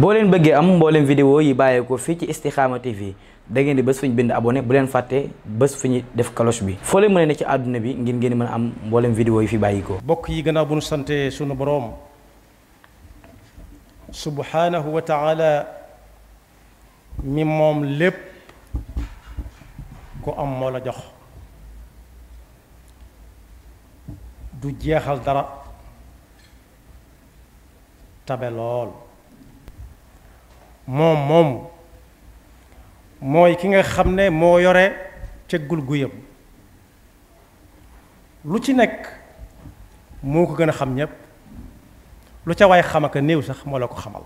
boo leen bëggee am mbooleem vidéo yi bàyyeekoo fii ci Istikhama TV da ngeen di bés fu ñu bind abonné bu leen fàttee bés fu ñu def cloche bi foo leen mën a ne ci àdduna bi ngir ngeen mën a am mbooleem vidéo yi fi bàyyikoo bokk yi gannaaw bu ñu sante sunu boroom subhanahu wa taala mi moom lépp ku am moo la jox du jeexal dara tabe lool moom moomu mooy ki nga xam ne moo yore cëggul guyam lu ci nekk moo ko gën a xam ñépp lu ca waay xam aka néew sax moo la ko xamal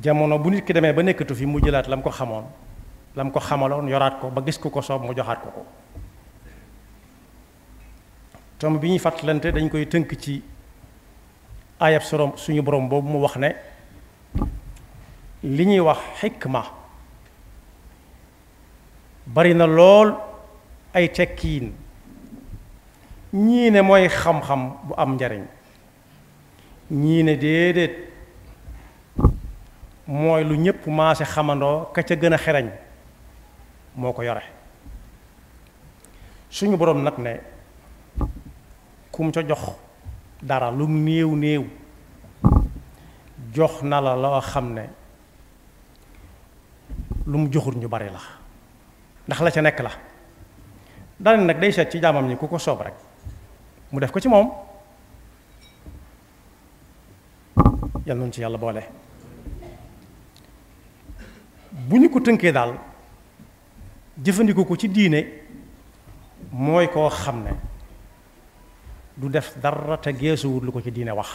jamono bu nit ki demee ba nekkatu fi mu jëlaat la mu ko xamoon la mu ko xamaloon yoraat ko ba gis ku ko soob mu joxaat ko ko tomb bi ñuy fàttalante dañ koy tënk ci ayab soroom suñu borom boobu mu wax ne li ñuy wax xikma bari na lool ay tekkiin ñiine mooy xam-xam bu am njariñ ñiine ne déedéet mooy lu ñépp maase xamandoo ka ca gën a xerañ moo ko yore suñu boroom nag ne kum ca jox dara lu néew néew jox na la loo xam ne lu mu joxut ñu bari la ndax la ca nekk la daan nag day seet ci jaamam ñi ku ko soob rek mu def ko ci moom yal nañu ci yàlla boole bu ñu ko tënkee daal jëfandikoo ko ci diine mooy koo xam ne du def dara te geesuwut lu ko ci diine wax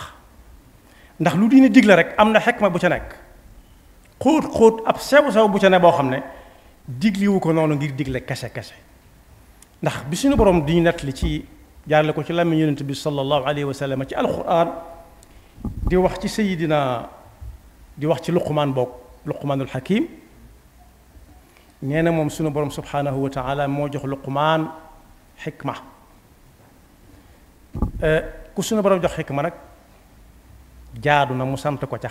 ndax lu diine digle rek am na xekma bu ca nekk xóot xóot ab sew sew bu ca ne boo xam ne digliwu ko noonu ngir digle kese kese ndax bi suñu borom di nett li ci jaarle ko ci làmmiñ yonent bi sallallahu alayhi wa sallam ci alquran di wax ci sayidina di wax ci luqumaan boog luqumaanul hakim nee na moom sunu borom subhanahu wa taala moo jox luqumaan xikma eh, ku suñu borom jox xikma nag jaadu na mu sant ko ca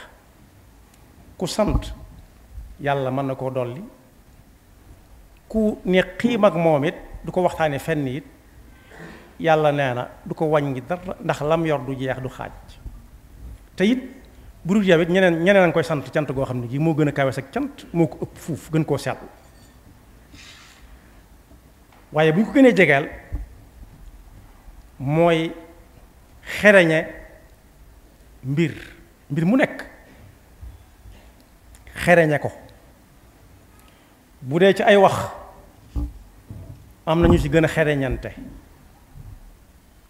ku sant yàlla mën na koo dolli ku ne xiim ak moom it du ko waxtaane fenn it yàlla nee na du ko wañ ngi dara ndax lam yor du jeex du xaaj te it bu dul yow it ñeneen ñeneen a koy sant cant goo xam ne gi moo gën a kawe sa cant moo ko ëpp fuuf gën koo seetlu waaye bu ñu ko gënee jegeel mooy xereñe mbir mbir mu nekk xereñe ko bu dee ci ay wax am na ñu ci gën a xereñante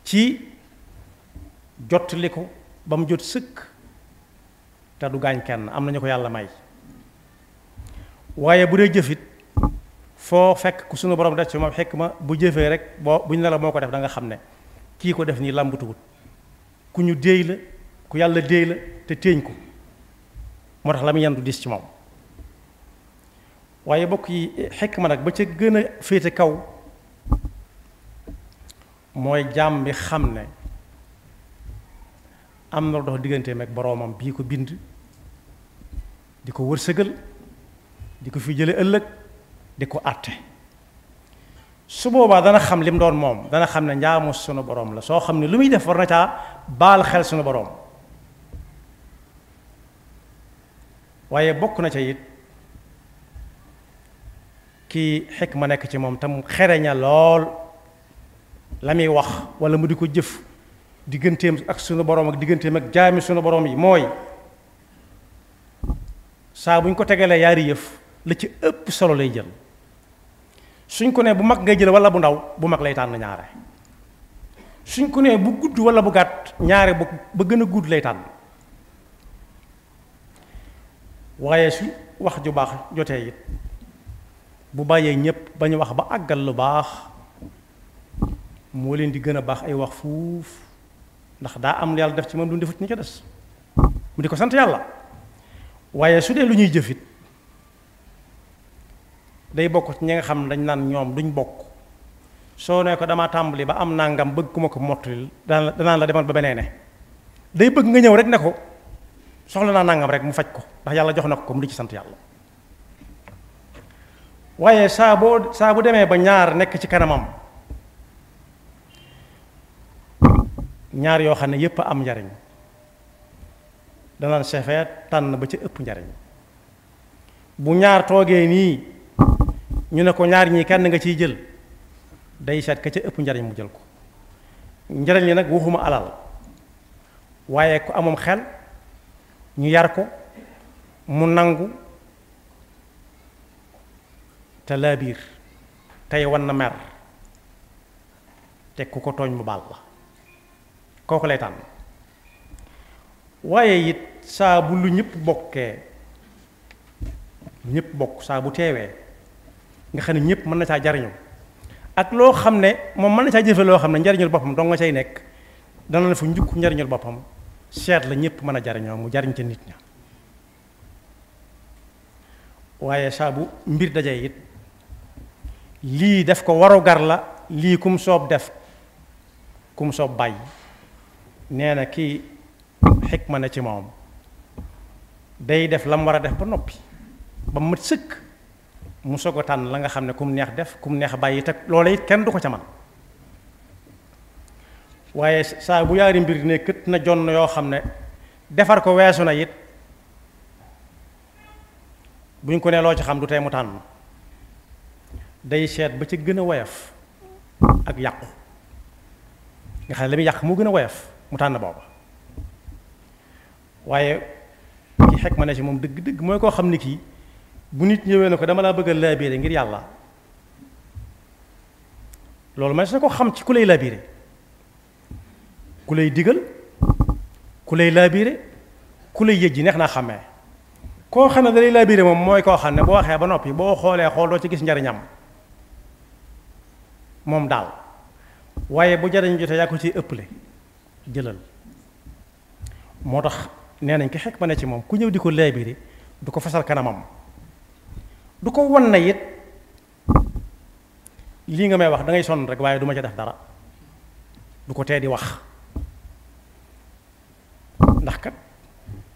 ci jottali ko ba mu jot sëkk te du gaañ kenn am na ñu ko yàlla may waaye bu dee jëfit foo fekk ku sunu borom def ci moom xekk ma bu jëfee rek boo bu ñu ne moo ko def da nga xam ne kii ko def nii làmbutuwut ku ñu déey la ku yàlla déey la te téeñ ko moo tax la mu yendu dis ci moom waaye bokk yi xekk ma nag ba ca gën a féete kaw mooy jaam bi xam ne am na dox digganteem ak boroomam bii ko bind di ko wërsëgal di ko fi jële ëllëg di ko àtte su boobaa dana xam li mu doon moom dana xam ne njaamu sunu boroom la soo xam ne lu muy def war na caa baal xel sunu boroom waaye bokk na ca it kii xekk ma nekk ci moom tam xereña lool la muy wax walla mu di ko jëf digganteem ak sunu borom ak digganteem ak jaami sunu boroom yi mooy saa bu ñu ko tegalee yaari yëf la ci ëpp solo lay jël suñ ko nee bu mag ngay jël walla bu ndaw bu mag lay tànn ñaare suñ ko nee bu gudd wala bu gàtt ñaare ba gën a gudd lay tànn waaye su wax ju baax jotee it bu bàyyee ñépp bañ wax ba àggal lu baax moo leen di gën a baax ay wax fuuf ndax daa am yàlla def ci moom lu defut ñu ko des mu di ko sant yàlla waaye su dee lu ñuy jëfit day bokk ci ñi nga xam ne dañ naan ñoom duñ bokk soo ne ko damaa tàmbali ba am nangam bëgg kuma ma ko mottali danaan la demal ba beneen day bëgg nga ñëw rek ne ko soxla naa nangam rek mu faj ko ndax yàlla jox na ko mu di ci sant yàlla waaye saa boo saa bu demee ba ñaar nekk ci kanamam ñaar yoo xam ne yépp am njariñ danaan sefee tànn ba ci ëpp njariñ bu ñaar toogee nii ñu ne ko ñaar ñii kenn nga ciy jël day seet ka ca ëpp njariñ mu jël ko njariñ li nag waxuma alal waaye ku amoon xel ñu yar ko mu nangu te laabiir tey wan na mer te ku ko tooñ mu baal la kooku lay tànn waaye it saa bu lu ñëpp bokkee ñëpp bokk saa bu teewee nga xam ne ñëpp mën na caa jariñu ak loo xam ne moom mën na caa jëfe loo xam ne njariñul boppam dong nga cay nekk dana la fu njukk njariñul boppam seet la ñëpp mën a jariñoo mu jariñ ca nit ña waaye saabu mbir dajee it lii def ko warugar la lii kum soob def kum soob bàyyi nee na kii xikma na ci moom day def lam war a def ba noppi ba mat sëkk mu soog a tànn la nga xam ne kum neex def kum neex bàyyi te loola it kenn du ko ca man waaye saa bu yaari mbir ne kët na jonn yoo xam ne defar ko weesu na it bu ñu ko nee loo ci xam du tey mu tànn day seet ba ca gën a woyof ak yàqu nga xam ne la muy yàq moo gën a woyof mu tànn booba waaye ki xekk ma ne ci moom dëgg-dëgg mooy koo xam ni kii bu nit ñëwee na ko dama laa bëgg a laabire ngir yàlla loolu man su ko xam ci ku lay laabire ku lay digal ku lay laabire ku lay yëj ji neex naa xàmmee koo xam ne da lay labiré moom mooy koo xam ne boo waxee ba noppi boo xoolee xool doo ci gis njariñam moom daal waaye bu jariñ jotee yaa ko ciy ëpple jëlal moo tax nee nañ ki xekk ma ne ci moom ku ñëw di ko labiré du ko fasal kanamam du ko wan na it lii nga may wax dangay ngay sonn rek waaye duma ci def dara du ko tee di wax ndax kat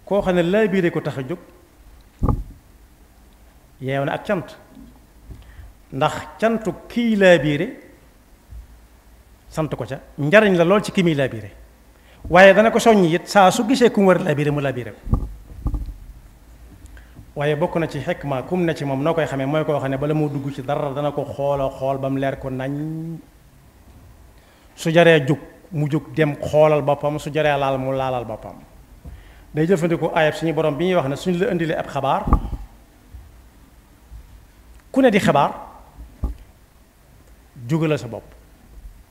koo xam ne labiré ko tax a jóg yeew na ak cant ndax cantu kii laa biire sant ko ca njariñ la lool ci kii muy laa waaye dana ko soññ yit saa su gisee ku mu war laa biire mu laa ko waaye bokk na ci xikma kum ne ci moom noo koy xamee mooy koo xam ne bala moo dugg ci dara dana ko xoola xool ba mu leer ko nañ su jaree jóg mu jóg dem xoolal boppam su jaree laal mu laalal boppam day jëfandikoo ayab suñu borom bi ñuy wax ne suñu la indilee ab xabaar ku ne di xibaar jógala sa bopp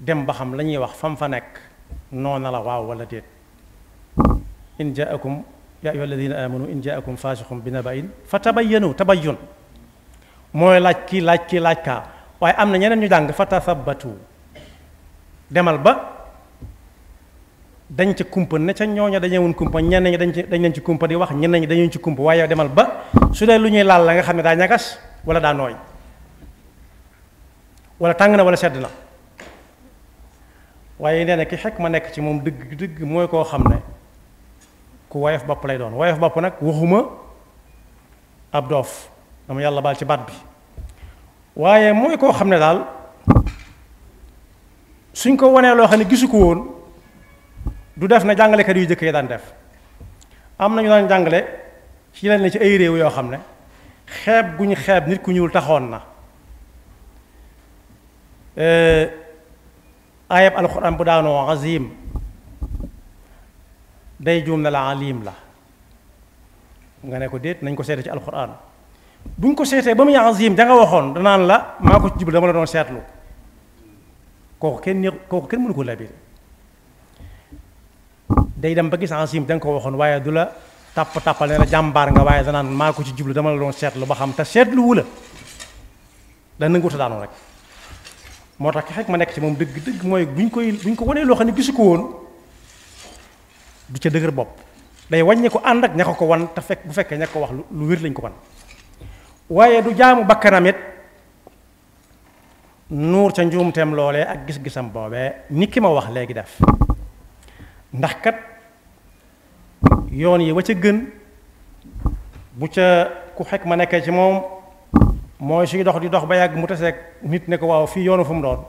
dem ba xam la ñuy wax fam fa nekk noona la waaw wala déet in jaakum yaa ayyuha alladina amanu in jaakum faasiqun bi nabain fa tabayyanu tabayyun mooy laaj ki laaj ki laaj kaa waaye am na ñeneen ñu jàng fa tasabatu demal ba dañ ca kumpa ne ca ñooña dañewoon kumpa ñenn ñi dañ dañ leen ci kumpa di wax ñenn ñi dañu ci kumpa waaye demal ba su dee lu ñuy laal la nga xam ne daa ñagas wala daa nooy wala tàng na wala sedd na waaye nee na ki xekk ma nekk ci moom dëgg dëgg mooy koo xam ne ku woyof bopp lay doon woyof bopp nag waxuma ab doof dama yàlla baal ci baat bi waaye mooy koo xam ne daal suñ ko wanee loo xam ne gisu ko woon du def na jàngalekat yu jëkk yi daan def am na ñu daan jàngale ci leen ne ci ay réew yoo xam ne xeeb guñ ñu xeeb nit ku ñuul taxoon na eh, ayab alxuraan bu daanoo azim day juum na la alim la nga ne ko déet nañ ko seete ci alxuraan buñ ko seetee ba muy azim da waxoon danaan la maa ko ci dama la doon seetlu kooku kenn ne kooku kenn mënu ko labir day dem ba gis azim da nga ko waxoon waaye du la tàpp tàppal ne la jàmbaar nga waaye danaan maa ko ci jublu dama la doon seetlu ba xam te seetlu wu la da nanguta daanu rek moo tax xek ma nekk ci moom dëgg dëgg mooy buñ koy buñ ko wanee loo xam ne gisu ko woon du ca dëgër bopp day wàññi ko ànd ak ña ko ko wan te fekk bu fekkee ña ko wax lu wér lañ ko wan waaye du jaamu bakkanam nuur ca njuumteem loolee ak gis-gisam boobee ni ki ma wax léegi def ndax kat yoon yi wa ca gën bu ca ku xekk ma nekkee ci moom mooy suy dox di dox ba yàgg mu taseeg nit ne ko waaw fii yoonu fu mu doon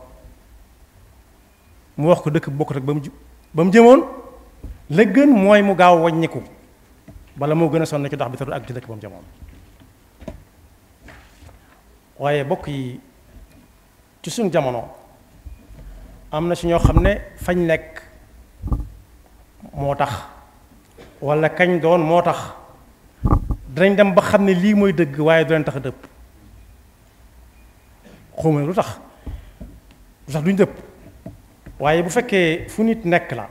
mu wax ko dëkk bokkut ak ba mu ba mu jëmoon la gën mooy mu gaaw waññiku bala moo gën a sonn ci dox bi te du ak ci dëkk ba mu jëmoon waaye bokk yi ci suñ jamono am na si ñoo xam ne fañ nekk moo tax wala kañ doon moo tax dinañ dem ba xam ne lii mooy dëgg waaye du leen tax a dëpp xawma lu tax lu tax duñ dëpp waaye bu fekkee fu nit nekk la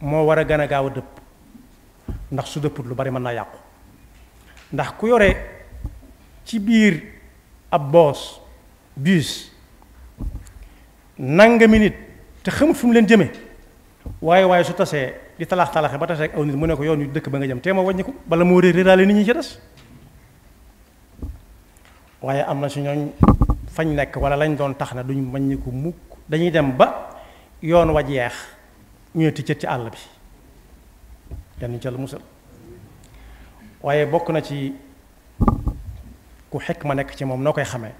moo war a gën a gaaw a dëpp ndax su dëpput lu bari mën naa yàqu ndax ku yore ci biir ab boos bus nangami nit te xamut fu mu leen jëme waaye waaye su tasee di talax talaxe ba tase rek aw nit mu ne ko yoon yu dëkk ba nga jëm te ma wàññi ko bala moo réer réeraale nit ñi ci des waaye am na si ñooñ fañ nekk wala lañ doon tax na duñ wàññiku mukk dañuy dem ba yoon wa yeex ñu tëccat ci àll bi yan ñu jàll musal waaye bokk na ci ku xekk ma nekk ci moom noo koy xame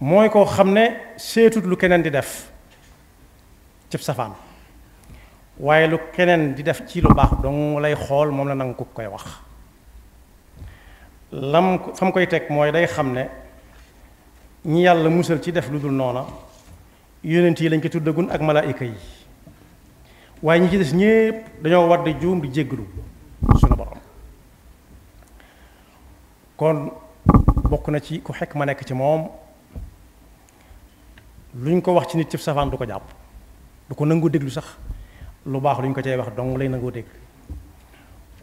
mooy koo xam ne seetut lu keneen di def cib safaan waaye lu keneen di def ci lu baax dong lay xool moom la nangu ku koy wax lam fa mu koy teg mooy day xam ne ñi yàlla musal ci def lu dul noona yonent yi lañ ko tuddagun ak malaayika yi waaye ñi ci des ñépp dañoo war di juum di jéggalu sunu borom kon bokk na ci ku xekk ma nekk ci moom luñ ko wax ci nit ci safaan du ko jàpp du ko nangu déglu sax lu baax lu ñu ko cee wax dong lay nangoo dégg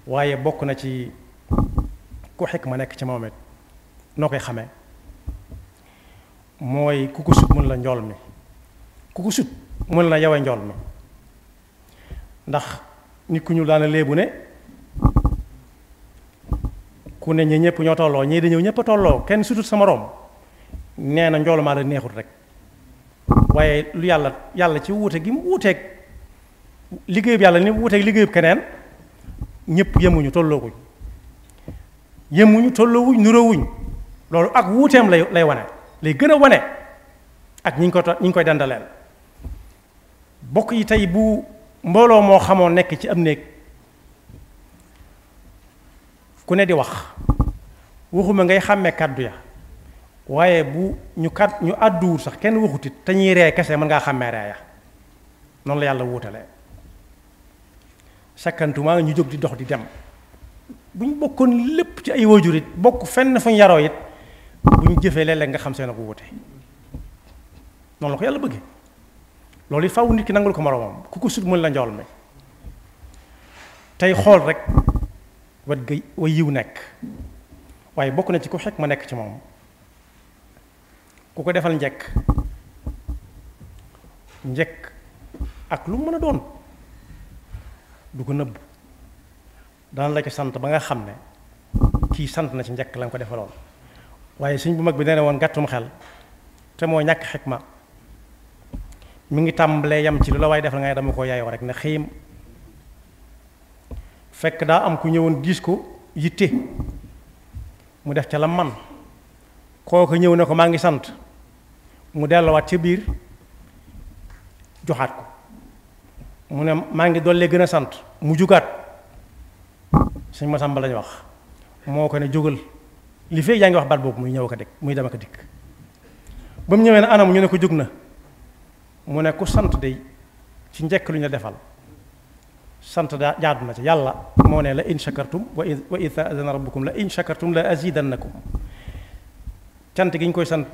waaye bokk na ci ku xekk ma nekk ci moom it noo koy xamee mooy ku ko sut mën la njool mi ku ko sut mën la yawe njool mi ndax nit ku ñu daana léebu ne ku ne ñi ñëpp ñoo tolloo ñii dañoo ñëpp tolloo kenn sutut sama moroom nee na njool maa la neexut rek waaye lu yàlla yàlla ci wuute gi mu wuuteeg liggéeyub yàlla ni wuteeg liggéeyub keneen ñëpp yëmuñu tollookuñ yemuñu tolloowuñ nuroowuñ loolu ak wuuteem lay lay wane lay gën a wone ak ñi ñu ko ñi ñu koy dandaleel bokk yi tey bu mbooloo moo xamoo nekk ci am néeg ku ne di wax waxuma ngay xàmmee kàddu ya waaye bu ñu kat ñu àdduwul sax kenn waxutit te ñuy ree kese mën ngaa xàmmee ree ya noonu la yàlla wuutalee sakkantuma ñu jóg di dox di dem bu ñu bokkoon lépp ci ay waajur it bokk fenn fu ñu yaroo it bu ñu jëfee léeg-léeg nga xam seen ak wuute noonu la ko yàlla bëggee loolu it faaw nit ki nangul ko moroomam ku ko sut la njool tey xool rek wat yiw nekk waaye bokk na ci ku xekk ma nekk ci moom ku ko defal njekk njekk ak lu mu mën a doon du ko nëbb dana la ko sant ba nga xam ne kii sant na ci njëkk la nga ko defaloon waaye sëñ bu mag bi nee woon gàttum xel te moo ñàkk ma mu ngi tàmbalee yam ci lu la waaye defal nga dama ko yaayoo rek ne xiim fekk daa am ku ñëwoon diis ko yitte mu def ca la man kooku ñëw ne ko maa ngi sant mu delluwaat ca biir joxaat ko mu ne maa ngi dollee gën a sant mu jugaat sëñ Masamba lañu wax moo ko ne jógal li fee yaa ngi wax baat boobu muy ñëw ko dikk muy dem ak dikk ba mu ñëwee na anam ñu ne ko jóg na mu ne ku sant day ci njëkk lu ñu defal sant daa jaadu na ci yàlla moo ne la in shakartum wa in wa in taazana rabbukum dan na ko sant azidannakum gi ñu koy sant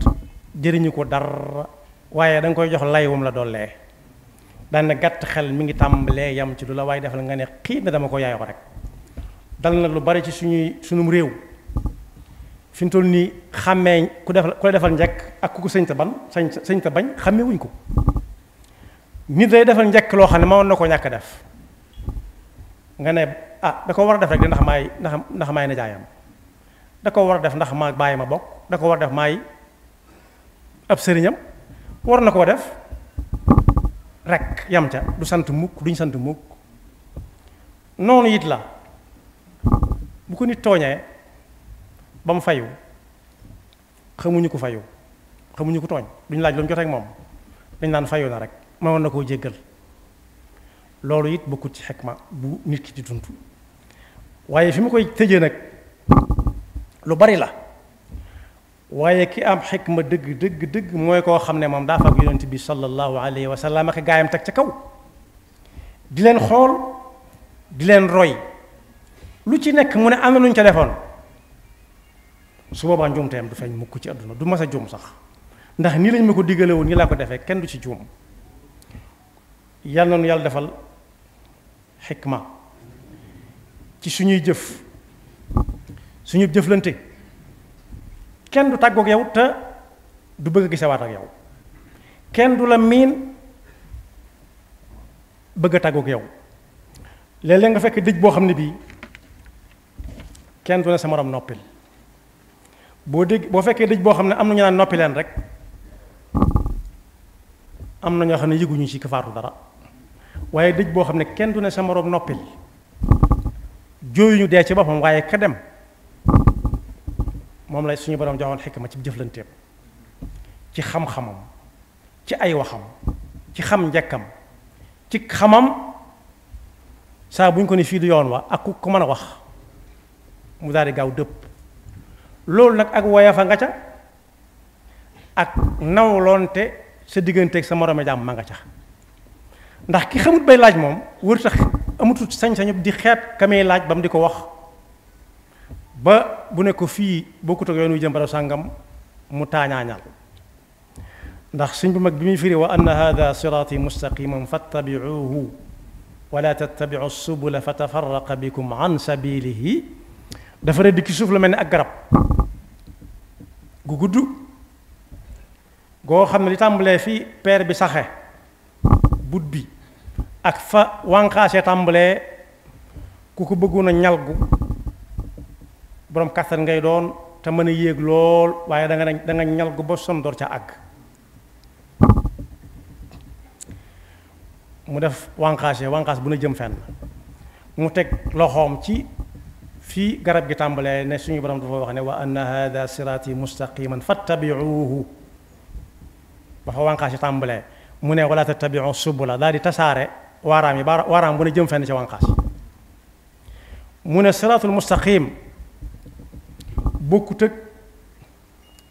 jëriñu ko dara waaye da koy jox lay wam la dollee daan na gàtt xel mi ngi tàmbalee yam ci lu la waaye defal nga ne xiit na dama ko yaay ko rek dal na lu bari ci suñuy sunum réew fi mu toll nii xàmmee ku defal ku la defal njëkk ak ku ko sëñ ta ban sëñ bañ xàmmee wuñ ko nit day defal njëkk loo xam ne ma woon na koo ñàkk def nga ne ah da ko war a def rek ndax maay ndax ndax maay na da ko war a def ndax ma bàyyi ma bokk da ko war def maay ab sëriñam war na koo def rek yam ca du sant mukk duñ sant mukk noonu it la bu ko nit tooñee ba mu fayu xamuñu ko fayu xamuñu ko tooñ duñ laaj lu mu jot moom dañ naan fayu na rek ma woon na koo jéggal loolu it bokkut ci xekma bu nit ki di dund waaye fi mu koy tëjee nag lu bari la waaye ki am xikma dëgg dëgg dëgg mooy koo xam ne moom daa fag yonent bi sallallahu alayhi wa sallam ak gaayam teg ca kaw di leen xool di leen roy lu ci nekk mu ne am na lu ñu ca defoon su boobaa njuumteem du feeñ mukk ci àdduna du mas a juum sax ndax nii lañ ma ko diggale woon nii laa ko defee kenn du ci juum yal na nu yàlla defal xikma ci suñuy jëf suñu jëflante kenn du tàggoog yow te du bëgg a gisawaat ak yow kenn du la miin bëgg a tàggoog yow léeg-léeg nga fekk dëj boo xam ne bii kenn du ne sa morom noppil boo dégg boo fekkee dëj boo xam ne am na ñu naan noppi leen rek am na ñoo xam ne yëguñu ci kafaatu dara waaye dëj boo xam ne kenn du ne sa morom noppil jooyuñu dee ci boppam waaye ka dem. moom lay suñu borom joxoon ma ci jëflanteem ci xam-xamam ci ay waxam ci xam njëkkam ci xamam saa bu ñu ko ni fii di yoon wa ak ku ko mën a wax mu daal di gaaw dëpp loolu nag ak woyafa nga ca ak nawloonte sa digganteeg sa morome jàmm ma nga ca ndax ki xamut bay laaj moom wër tax amutut sañ-sañu di xeet ka laaj ba mu di ko wax ba bu ne ko fii bokkut ak yoon wi jëm barab sàngam mu taañaañal ndax suñ bu mag bi muy firi wa anna hada siraati mustaqiman fattabicuuhu wala tattabicu subula fa tafaraqa bikum dafa rëdd ki suuf la mel ni ak garab gu gudd goo xam ne li tàmbalee fi peer bi saxe but bi ak fa wànqaase tàmbalee ku ko bëggoon a ñal gu boroom kastan ngay doon te mën a yéeg lool waaye da nga da ñal gu ba son door ca àgg mu def wanqaase wànqaas bu na jëm fenn mu teg loxoom ci fii garab gi tàmbalee ne suñu borom dafa wax ne wa anna hada siraati mustaqiman fattabiuhu ba fa wànqaas yi tàmbalee mu ne wala tattabiu subula daal di tasaare waaraam yi ba waaraam bu na jëm fenn ci wànqaas mu ne siraatul mustaqim bokkut ak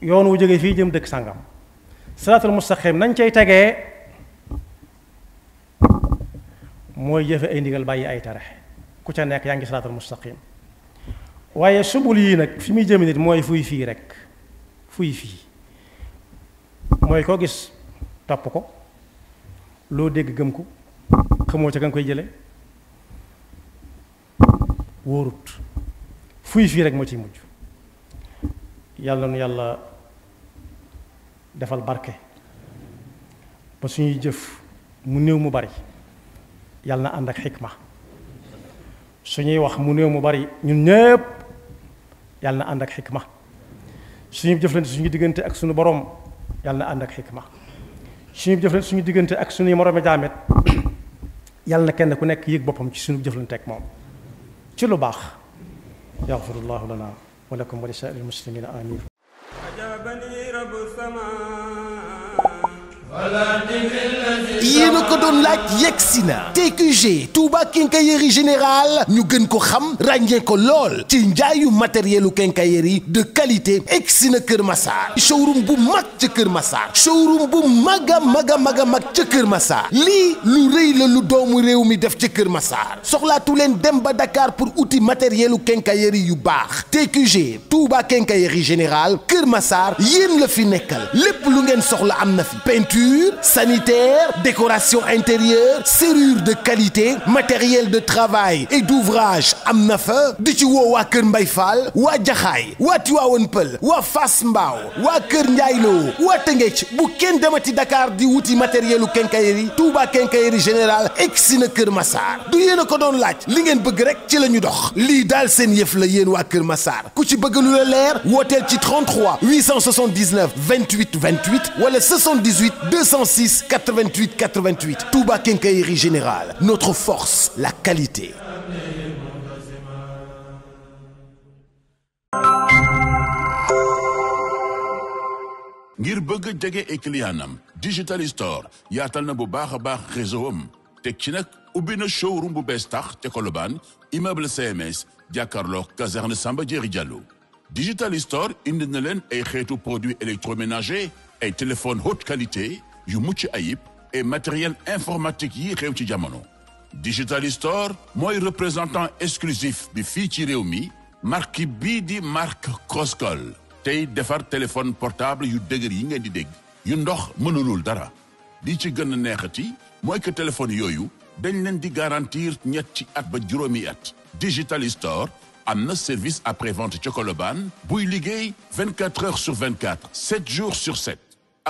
yoon wu jógee fii jëm dëkk sàngam siraatul mustaqim nañ cay tegee mooy jëfe ay ndigal bàyyi ay tere ku ca nekk yaa ngi siraatul mustaqim waaye subul yii nag fi muy jëmi nit mooy fuy fii rek fuy fii mooy koo gis topp ko loo dégg gëm ko xamoo ca kan koy jële wóorut fuy fii rek moo ciy mujj yàlla nu yàlla defal barke ba suñuy jëf mu néew mu bari yàlla na ànd ak xikma suñuy wax mu néew mu bari ñun ñépp yàlla na ànd ak xikma suñu jëflante suñu diggante ak suñu borom yàlla na ànd ak xikma suñu jëflante suñu diggante ak suñuy moromi jaamet yàlla na kenn ku nekk yëg boppam ci suñu jëflante ak moom ci lu baax yaxfirullahu lana ولكم ولسائر المسلمين آمين yéen a ko doon laaj yegg si na TQG Touba Quincaillerie Générale ñu gën ko xam ràññee ko lool ci njaayu matérielu quincaillerie de qualité egsi na Kër Massar showroom bu mag ca Kër Massar showroom bu mag a mag a mag a mag ca Kër Massar lii lu rëy la lu doomu réew mi def ca Kër Massar soxlaatu leen dem ba Dakar pour outil matérielu quincaillerie yu baax TQG Touba Quincaillerie général Kër Massar yéen la fi nekkal lépp lu ngeen soxla am na fi toiture sanitaire décoration intérieure serrure de qualité matériel de travail et d'ouvrage am na fa di ci woo waa Kër Mbay Fall waa Jaxaay waa Tiwaawan Pël waa Fass Mbaaw waa Kër Njaayloo waa Tëngéej bu kenn demati Dakar di wuti matériel u quincaillerie Touba quincaillerie générale egsi na Kër Massar du yéen a ko doon laaj li ngeen bëgg rek ci la ñu dox lii daal seen yëf la yéen waa Kër Massar ku ci bëgg lu la leer wooteel ci 33 879 28 28 wala 78 206 88 88 Touba Quincaillerie Générale notre force la qualité ngir bëgg jege ay clientam digital store yaatal na bu baax a baax réseau am teg ci nag ubbi na showroom bu bees tax te Colobane immeuble CMS jàkkaarloo caserne Samba Diéry Diallo digital store indi na leen ay xeetu produits ménagé ay téléphone haute qualité yu mucc ayib et matériel informatique yi xew ci jamono. Digital Store mooy représentant exclusif bi fii ci réew mi marque bii di marque Crosscall tey defar téléphone portable yu dëgër yi ngeen di dégg yu ndox mënulul dara di ci gën a neexati mooy que téléphone yooyu dañ leen di garantir ñetti at ba juróomi at Digital Store am na service après vente ci Colobane buy liggéey vingt 24 heures sur 24 7 jours sur 7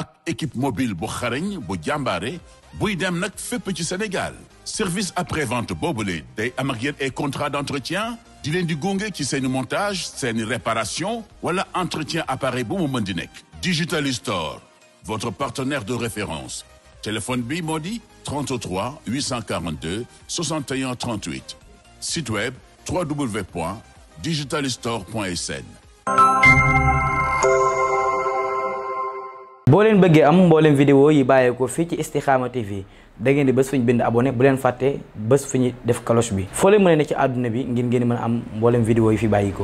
ak équipe mobile bu xarañ bu jàmbaare buy dem nag fépp ci Sénégal service après-vente boobule day am ak yéen ay contrat d'entretien di leen di gunge ci seeni montage seeni réparation wala entretien appareil bu mu mën di nekk Digital Store votre partenaire de référence téléphone bi moo di 33 842 61 38 site web www.digitalstore.sn boo leen bëggee am mbooleem vidéo yi bàyyeekoo fii ci Istikhama TV da ngeen di bés fu ñu bind abonné bu leen fàtte bés fu ñu def cloche bi foo leen mën a ne ci àdduna bi ngir ngeen mën am mboolem vidéo yi fi bàyyikoo